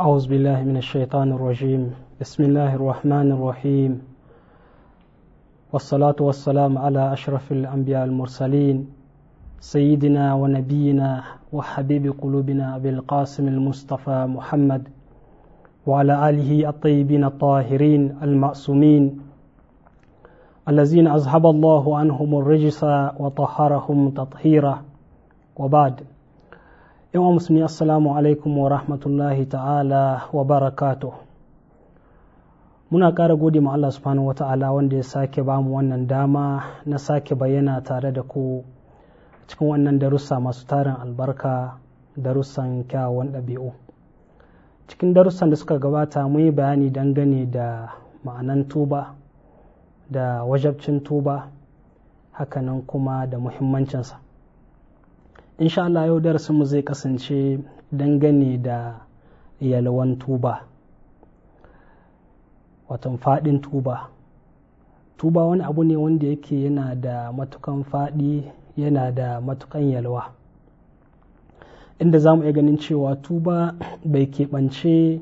أعوذ بالله من الشيطان الرجيم بسم الله الرحمن الرحيم والصلاة والسلام على أشرف الأنبياء المرسلين سيدنا ونبينا وحبيب قلوبنا أبي القاسم المصطفى محمد وعلى آله الطيبين الطاهرين المعصومين الذين أذهب الله عنهم الرجس وطهرهم تطهيرا وبعد yan musulmi assalamu alaikum wa rahmatullahi ta'ala wa barakato muna kara gode ma Allah subhanahu wa ta'ala wanda ya sake bamu wannan dama na sake bayyana tare da ku cikin wannan darussa masu tarin albarka darussan kyawun ɗabi'u cikin darussan da suka gabata mu yi bayani dangane da ma'anan tuba da wajabcin tuba hakanan kuma da muhimmancinsa insha Allah yau darasin zai kasance dangane da yalwan tuba watan fadin tuba tuba wani abu ne wanda yake yana da matukan fadi yana da matukan yalwa inda za mu iya ganin cewa tuba bai keɓance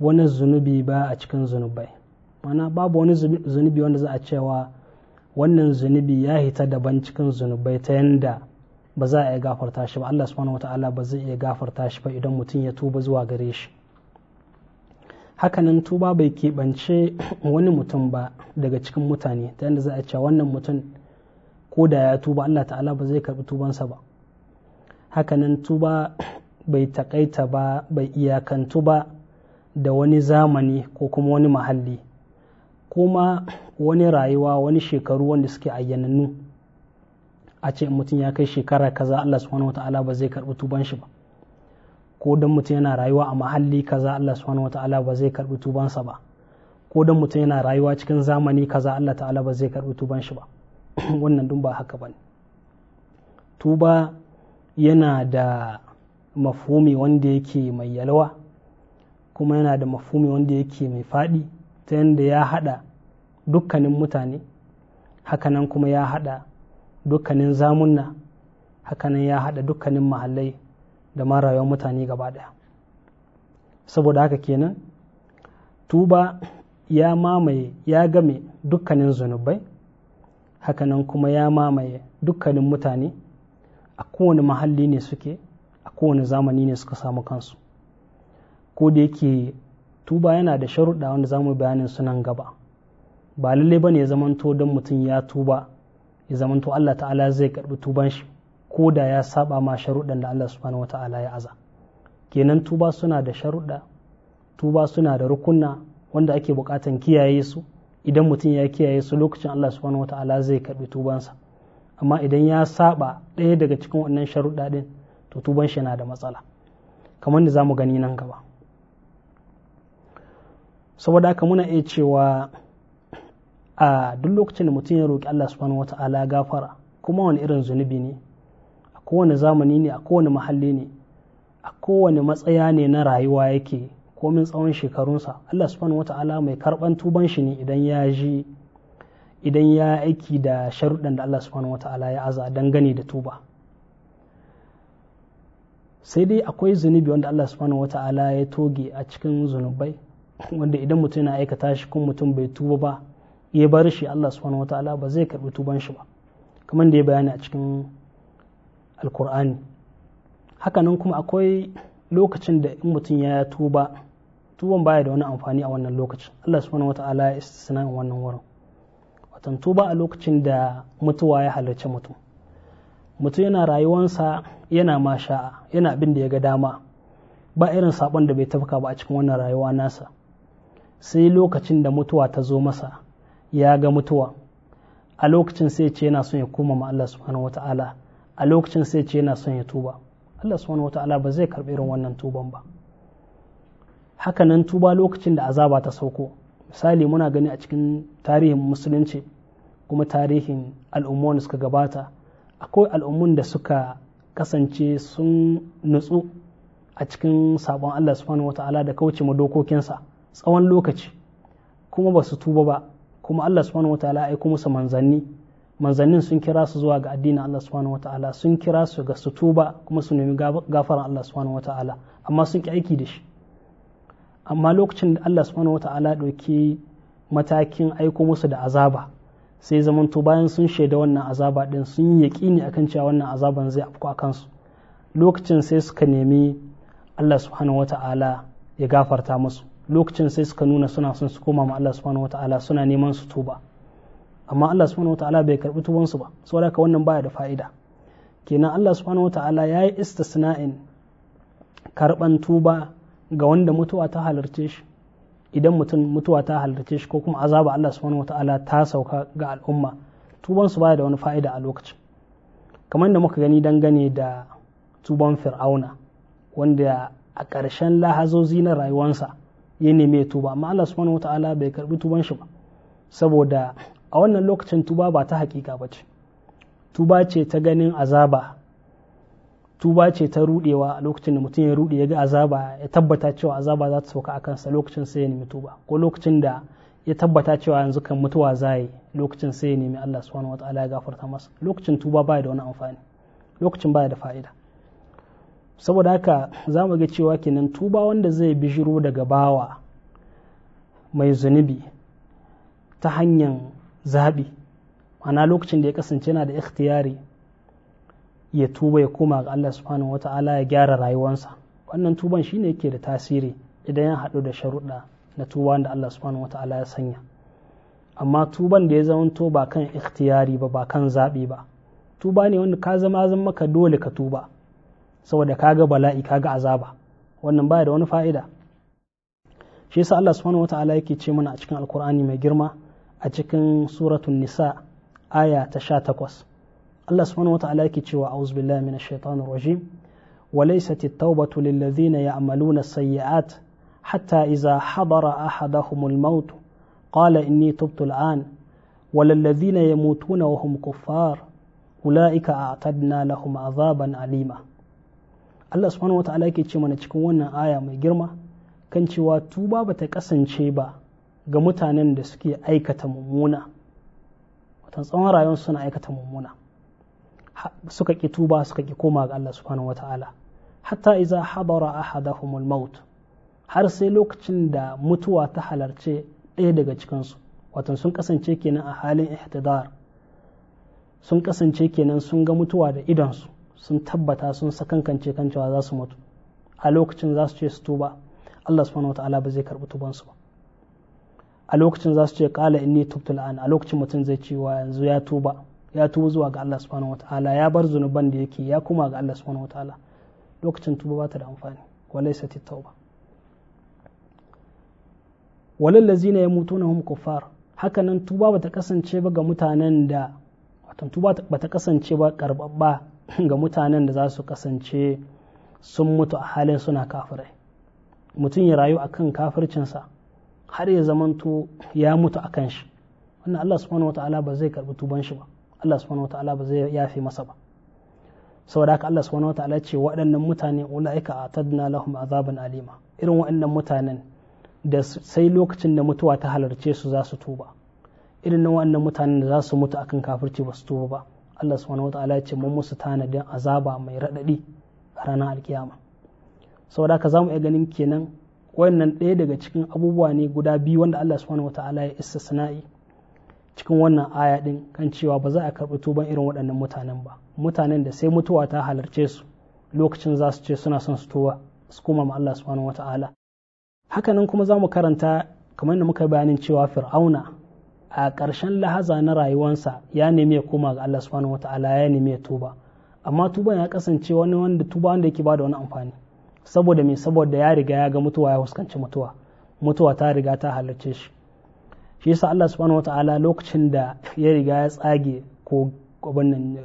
wani zunubi ba a cikin zunubai mana babu wani zunubi wanda za a cewa wannan zunubi ya hita daban cikin zunubai ta yanda ba za a iya gafarta shi ba Allah subhanahu wata'ala ba zai iya gafarta shi ba idan mutum ya tuba zuwa gare shi hakanan tuba bai keɓance wani mutum ba daga cikin mutane ta yadda za a cewa wannan mutum ko da ya tuba Allah ta'ala ba zai karɓi tubansa ba hakanan tuba bai takaita ba bai iyakantu ba da wani zamani ko kuma wani mahalli kuma wani rayuwa wani shekaru wanda suke ayyanannu a ce in mutum ya kai shekara kaza Allah subhanahu wata'ala ba zai karɓi tuban shi ba ko dan mutum yana rayuwa a mahalli kaza Allah subhanahu wata'ala ba zai karɓi tubansa ba ko dan mutum yana rayuwa cikin zamani kaza Allah ta'ala ba zai karɓi tuban shi ba wannan dun ba haka bane tuba yana da mafhumi wanda yake mai yalwa kuma yana da mafhumi wanda yake mai faɗi ta yadda ya haɗa dukkanin mutane hakanan kuma ya haɗa dukkanin zamunna hakanan ya haɗa dukkanin mahallai da ma mutane gaba ɗaya saboda haka kenan tuba ya mamaye ya game dukkanin zunubai hakanan kuma ya mamaye dukkanin mutane a kowane mahalli ne suke a kowane zamani ne suka samu kansu ko da yake tuba yana da sharuɗa wanda zamu mu bayanin sunan gaba ba lallai ba ne zamanto don mutum ya tuba ya to Allah ta'ala zai karbi tuban shi ko da ya saba ma sharuɗan da Allah subhanahu wa ta'ala ya aza kenan tuba suna da sharuɗa tuba suna da rukunna wanda ake buƙatan kiyaye su idan mutum ya kiyaye su lokacin Allah subhanahu wa ta'ala zai karbi tubansa amma idan ya saba ɗaya daga cikin wannan sharuɗa ɗin to tuban shi na da matsala kamar da zamu gani nan gaba saboda haka muna iya cewa a duk lokacin da mutum ya roƙi Allah subhanahu ta'ala gafara kuma wani irin zunubi ne a kowane zamani ne a kowane mahalli ne a kowane matsaya ne na rayuwa yake komin tsawon shekarunsa Allah subhanahu ta'ala mai karban tuban shi ne idan ya ji idan ya aiki da sharuɗan da Allah subhanahu ta'ala ya aza dangane da tuba sai dai akwai zunubi wanda Allah subhanahu ta'ala ya toge a cikin zunubai wanda idan mutum yana aikata shi kuma mutum bai tuba ba ya bar shi Allah subhanahu wataala ba zai karbi tuban shi ba kamar da ya bayani a cikin alkur'ani hakanan kuma akwai lokacin da in mutum ya tuba tuban baya da wani amfani a wannan lokacin Allah subhanahu wataala ya istisna wannan wurin watan tuba a lokacin da mutuwa ya halarci mutum mutum yana rayuwansa yana ma sha'a yana abin da ya ga dama ba irin sabon da bai tafka ba a cikin wannan rayuwa nasa sai lokacin da mutuwa ta zo masa ya ga mutuwa a lokacin sai ce yana son ya koma ma Allah subhanahu wata'ala a lokacin sai ce yana son ya tuba Allah subhanahu wata'ala ba zai karɓi irin wannan tuban ba Haka nan tuba lokacin da azaba ta sauko misali muna gani a cikin tarihin musulunci kuma tarihin al'ummomin suka gabata akwai al'ummun da suka kasance sun nutsu a cikin sabon Allah subhanahu wata'ala da kauce ma dokokinsa tsawon lokaci kuma ba su tuba ba kuma Allah subhanahu ta'ala ai aiko musu manzanni manzannin sun kira su zuwa ga addinin Allah subhanahu ta'ala sun kira su ga su tuba kuma su nemi gafaran Allah subhanahu ta'ala amma sun ki aiki da shi amma lokacin da Allah subhanahu ta'ala ɗauki matakin aiko musu da azaba sai zamanto bayan sun shaida wannan azaba din sun yi yaƙini akan cewa wannan azaban zai afku a kansu lokacin sai suka nemi Allah subhanahu ta'ala ya gafarta musu lokacin sai suka nuna suna son su koma ma Allah subhanahu wataala suna neman su tuba amma Allah subhanahu wataala bai karbi tuban su ba saboda ka wannan baya da fa'ida kenan Allah subhanahu wataala yayi istisna'in karban tuba ga wanda mutuwa ta halarce shi idan mutum mutuwa ta halarce shi ko kuma azaba Allah subhanahu wataala ta sauka ga al'umma tuban su baya da wani fa'ida a lokacin kamar da muka gani dangane da tuban fir'auna wanda a ƙarshen lahazozi na rayuwarsa. ya neme tuba amma Allah subhanahu wata'ala bai karbi tuban shi ba saboda a wannan lokacin tuba ba ta hakika ba ce tuba ce ta ganin azaba tuba ce ta rudewa a lokacin da mutum ya rude ya ga azaba ya tabbata cewa azaba za ta sauka a kansa lokacin sai ya nemi tuba ko lokacin da ya tabbata cewa yanzu kan mutuwa zai lokacin sai ya nemi Allah subhanahu wataala ya gafarta masa lokacin tuba baya da wani amfani lokacin baya da fa'ida saboda haka za mu ga cewa kenan tuba wanda zai bijiro daga bawa mai zunubi ta hanyar zaɓi ana lokacin da ya kasance yana da ikhtiyari ya tuba ya koma ga Allah subhanahu wa ta'ala ya gyara rayuwarsa wannan tuban shine yake da tasiri idan ya haɗu da sharuɗa na tuba wanda Allah subhanahu wa ta'ala ya sanya amma tuban da ya zamanto ba kan ikhtiyari ba ba kan zaɓi ba tuba ne wanda ka zama zan maka dole ka tuba saboda kaga bala'i kaga azaba wannan baya da wani fa'ida shi yasa Allah subhanahu wata'ala yake ce mana a cikin alkur'ani mai girma a cikin suratun nisa aya ta sha takwas Allah subhanahu wata'ala yake cewa a'udhu billahi minash shaitanir rajim وليست التوبة للذين يعملون السيئات حتى إذا حضر أحدهم الموت قال إني تبت الآن وللذين يموتون وهم كفار أولئك أعتدنا لهم عذابا أليما Allah subhanahu wata'ala yake ce mana cikin wannan aya mai girma kan cewa tuba ba ta kasance ba ga mutanen da suke aikata mummuna watan tsawon rayuwar suna aikata mummuna suka ki tuba suka ki koma ga Allah subhanahu wata'ala hatta iza hadara ahadahumul maut har sai lokacin da mutuwa ta halarce ɗaya daga cikinsu watan sun kasance kenan a halin ihtidar sun kasance kenan sun ga mutuwa da idonsu sun tabbata sun sakankance kan cewa za su mutu a lokacin za su ce su tuba Allah subhanahu wa ta'ala ba zai karbi tubansu ba a lokacin za su ce kala inni tubtu al'an a lokacin mutum zai ce wa yanzu ya tuba ya tuba zuwa ga Allah subhanahu wa ta'ala ya bar zunuban da yake ya kuma ga Allah subhanahu wa ta'ala lokacin tuba ba ta da amfani wa laysat tauba walal ladzina yamutuna hum kuffar hakanan tuba bata kasance ba ga mutanen da wato tuba ta kasance ba karbabba ga mutanen da za su kasance sun mutu a halin suna kafirai mutum ya rayu akan kafircinsa har ya zamanto ya mutu a kan shi wannan Allah subhanahu wata'ala ba zai karbi tuban shi ba Allah subhanahu wata'ala ba zai yafe masa ba saboda haka Allah subhanahu wata'ala ce waɗannan mutane ulaika atadna lahum azaban alima irin waɗannan mutanen da sai lokacin da mutuwa ta halarce su za su tuba irin waɗannan mutanen da za su mutu akan kafirci ba su tuba ba Allah subhanahu wataala ya ce mun musu tanadin azaba mai raɗaɗi a ranar alkiyama da ka mu iya ganin kenan wannan ɗaya daga cikin abubuwa ne guda biyu wanda Allah subhanahu wataala ya sana'i cikin wannan aya ɗin kan cewa ba za a karɓi tuban irin waɗannan mutanen ba mutanen da sai mutuwa ta halarce su lokacin za su ce suna son su tuba su koma ma Allah subhanahu wataala hakanan kuma za mu karanta kamar da muka bayanin cewa fir'auna a ƙarshen lahaza na rayuwansa ya nemi ya koma ga Allah subhanahu wata'ala ya nemi ya tuba amma tuba ya kasance wani wanda tuba wanda yake bada wani amfani saboda me saboda ya riga ya ga mutuwa ya fuskanci mutuwa mutuwa ta riga ta halarce shi shi yasa Allah subhanahu wata'ala lokacin da ya riga ya tsage ko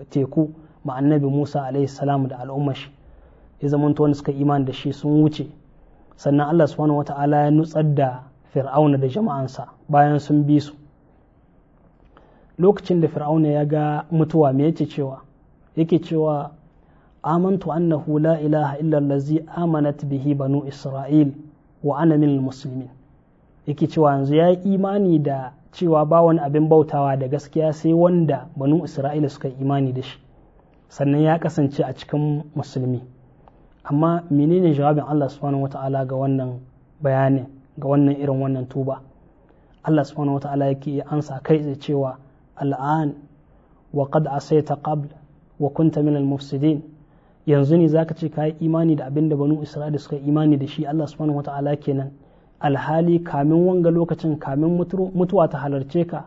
teku ma annabi Musa alaihi salam da al'umma shi ya zamanto wanda suka imani da shi sun wuce sannan Allah subhanahu wata'ala ya nutsar da fir'auna da jama'ansa bayan sun bi su lokacin da fir'auna ya ga mutuwa me yake cewa yake cewa amantu annahu la ilaha illa allazi amanat bihi banu isra'il wa ana Musulmi. muslimin yake cewa yanzu ya yi imani da cewa ba wani abin bautawa da gaskiya sai wanda banu isra'ila suka yi imani da shi sannan ya kasance a cikin musulmi amma menene jawabin Allah subhanahu wata'ala ga wannan bayanin ga wannan irin wannan tuba Allah subhanahu wata'ala yake ansa kai da cewa al'an wa qad asaita qabl wa kunta minal mufsidin yanzu ne zaka ce yi imani da abinda banu isra'il suka yi imani da shi Allah subhanahu kenan alhali kamin wanga lokacin kamin mutuwa ta halarce ka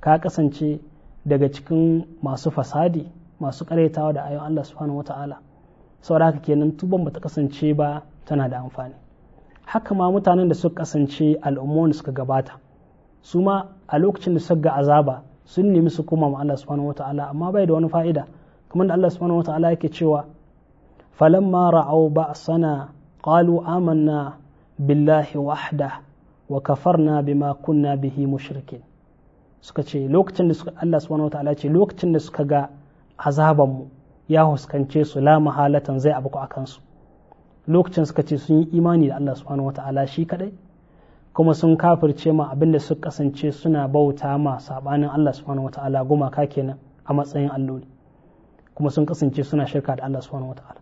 ka kasance daga cikin masu fasadi masu karaitawa da ayon Allah subhanahu saura saboda haka kenan tuban bata kasance ba tana da amfani haka ma mutanen da suka kasance al'ummomin suka gabata su ma a lokacin da suka ga azaba sun nemi su koma ma Allah subhanahu wataala amma bai da wani fa'ida kamar da Allah subhanahu wataala yake cewa falamma ra'aw ba'sana qalu amanna billahi wahda wa kafarna bima kunna bihi mushrikin suka ce lokacin da Allah subhanahu wataala ce lokacin da suka ga azaban mu ya huskance su la mahalatan zai abu akan su lokacin suka ce sun yi imani da Allah subhanahu wataala shi kadai kuma sun kafirce ma abinda su kasance suna bauta ma sabanin Allah subhanahu wataala gumaka kenan a matsayin alloli kuma sun kasance suna shirka da Allah subhanahu wataala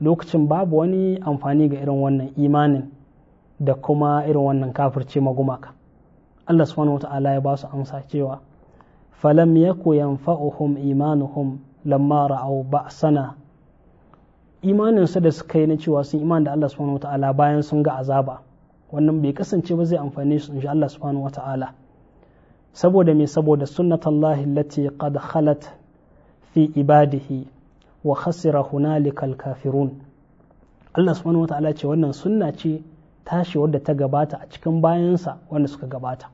lokacin babu wani amfani ga irin wannan imanin da kuma irin wannan kafirce ma gumaka Allah subhanahu wataala ya ba su amsa cewa falam yaku yanfa'uhum imanuhum lamma ra'aw ba'sana imanin su da suka yi na cewa sun iman da Allah subhanahu wataala bayan sun ga azaba wannan bai kasance ba zai amfane su insha Allah subhanahu wata'ala saboda me saboda sunnatullahi allati qad khalat fi ibadihi wa khasira hunalikal kafirun Allah subhanahu wata'ala ce wannan sunna ce tashi wadda ta gabata a cikin bayansa wanda suka gabata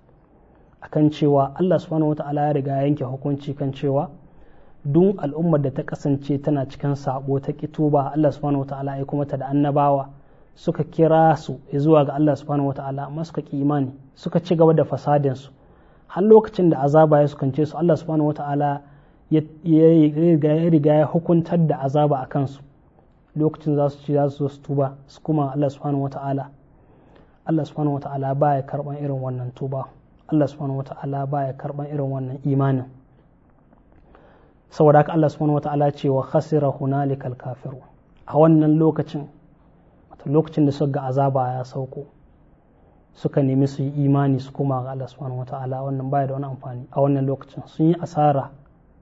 akan cewa Allah subhanahu wata'ala ya riga yanke hukunci kan cewa duk al'ummar da ta kasance tana cikin sabo ta kituba Allah subhanahu wata'ala ya kuma ta da annabawa suka kira su zuwa ga Allah subhanahu wata'ala amma suka ki imani suka ci gaba da fasadin su har lokacin da azaba ya sukance su Allah subhanahu wata'ala ya riga ya hukuntar da azaba a kansu lokacin za su ci za su su tuba su kuma Allah subhanahu wata'ala Allah subhanahu wata'ala baya karban irin wannan tuba Allah subhanahu wata'ala baya karban irin wannan imanin saboda haka Allah subhanahu wata'ala ce wa khasira hunalikal kafiru a wannan lokacin lokacin da suka ga azaba ya sauko suka nemi su yi imani su koma ga Allah subhanahu wata'ala wannan baya da wani amfani a wannan lokacin sun yi asara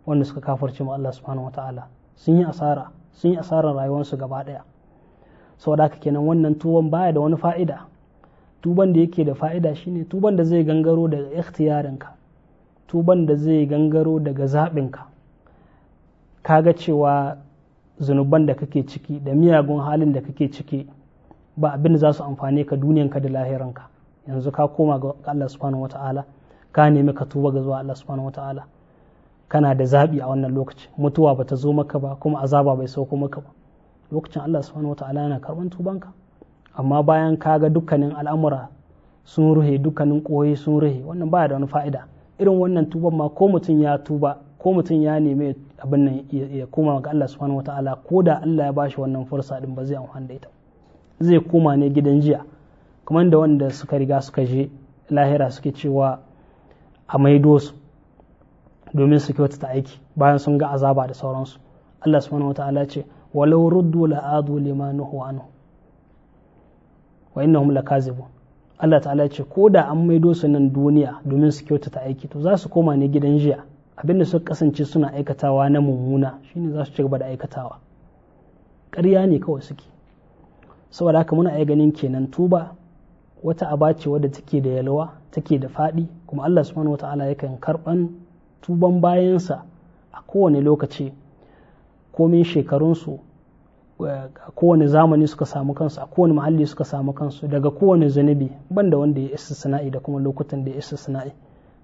wanda suka kafarci ma Allah subhanahu wata'ala sun yi asara sun yi asarar rayuwarsu gaba daya saboda haka kenan wannan tuban baya da wani fa'ida tuban da yake da fa'ida shine tuban da zai gangaro daga ikhtiyarinka tuban da zai gangaro daga zaɓinka kaga cewa zunuban da kake ciki da miyagun halin da kake ciki ba abin da za su amfane ka duniyanka da lahiranka yanzu ka koma ga Allah subhanahu wata'ala ka nemi ka tuba ga zuwa Allah subhanahu wata'ala kana da zabi a wannan lokaci mutuwa ba ta zo maka ba kuma azaba bai sauko maka ba lokacin Allah subhanahu wata'ala yana karban tubanka amma bayan ka ga dukkanin al'amura sun ruhe dukkanin koyi sun ruhe wannan baya da wani fa'ida irin wannan tuban ma ko mutum ya tuba ko mutum ya nemi abin nan ya koma ga Allah subhanahu wata'ala ko da Allah ya bashi wannan fursa din ba zai amfana da ita zai koma ne gidan jiya kamar da wanda suka riga suka je lahira suke cewa a maido su domin su ta aiki bayan sun ga azaba da sauransu Allah subhanahu wa ta'ala ce walau ruddu la'adu lima nuhu anhu wa innahum Allah ta'ala ce ko da an maido su nan duniya domin su kyautata aiki to za su koma ne gidan jiya abinda suka kasance suna aikatawa na mummuna shine za su ci gaba da aikatawa ƙarya ne kawai suke saboda haka muna iya ganin kenan tuba wata aba ce wadda take da yalwa take da faɗi kuma Allah subhanahu wata'ala yakan karɓan tuban bayansa a kowane lokaci komin shekarunsu eh, a kowane zamani suka samu kansu a kowane mahalli suka samu kansu daga kowane zunubi banda wanda ya isa sana'i da kuma lokutan da ya isa sana'i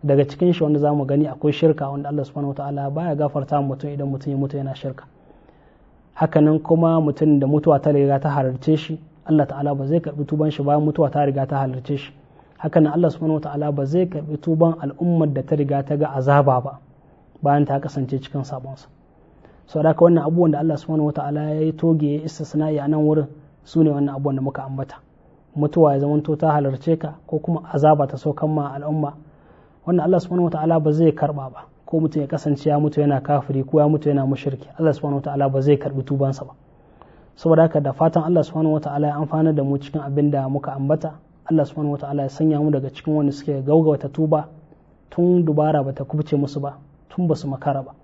daga cikin shi wanda zamu gani akwai shirka wanda Allah subhanahu wata'ala baya gafarta mutum idan mutum ya mutu yana shirka hakanan kuma mutum da mutuwa ta riga ta halarce shi Allah ta'ala ba zai karbi tuban shi bayan mutuwa ta riga ta halarce shi hakanan Allah subhanahu ta'ala ba zai karbi tuban al'ummar da ta riga ta ga azaba ba bayan ta kasance cikin sabonsa sa. da ka wannan abubuwan da Allah subhanahu ta'ala ya yi toge ya istisna a nan wurin su ne wannan abubuwan da muka ambata mutuwa ya zamanto ta halarce ka ko kuma azaba ta kan ma al'umma wannan Allah subhanahu ta'ala ba zai karba ba ko mutum ya kasance ya mutu yana kafiri ko ya mutu yana mushirki Allah subhanahu wataala ba zai karbi tubansa ba saboda haka da fatan Allah subhanahu wataala ya amfana da mu cikin abin da muka ambata Allah subhanahu ya sanya mu daga cikin wanda suke ta tuba tun dubara bata kubce musu ba tun basu makara ba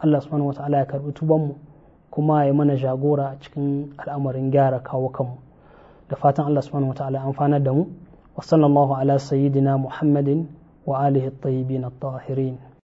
Allah subhanahu ya karbi tuban mu kuma ya mana jagora cikin al'amarin gyara kawo kanmu da fatan Allah subhanahu ya amfana da mu wa sallallahu ala sayyidina Muhammadin wa alihi at-tayyibin at-tahirin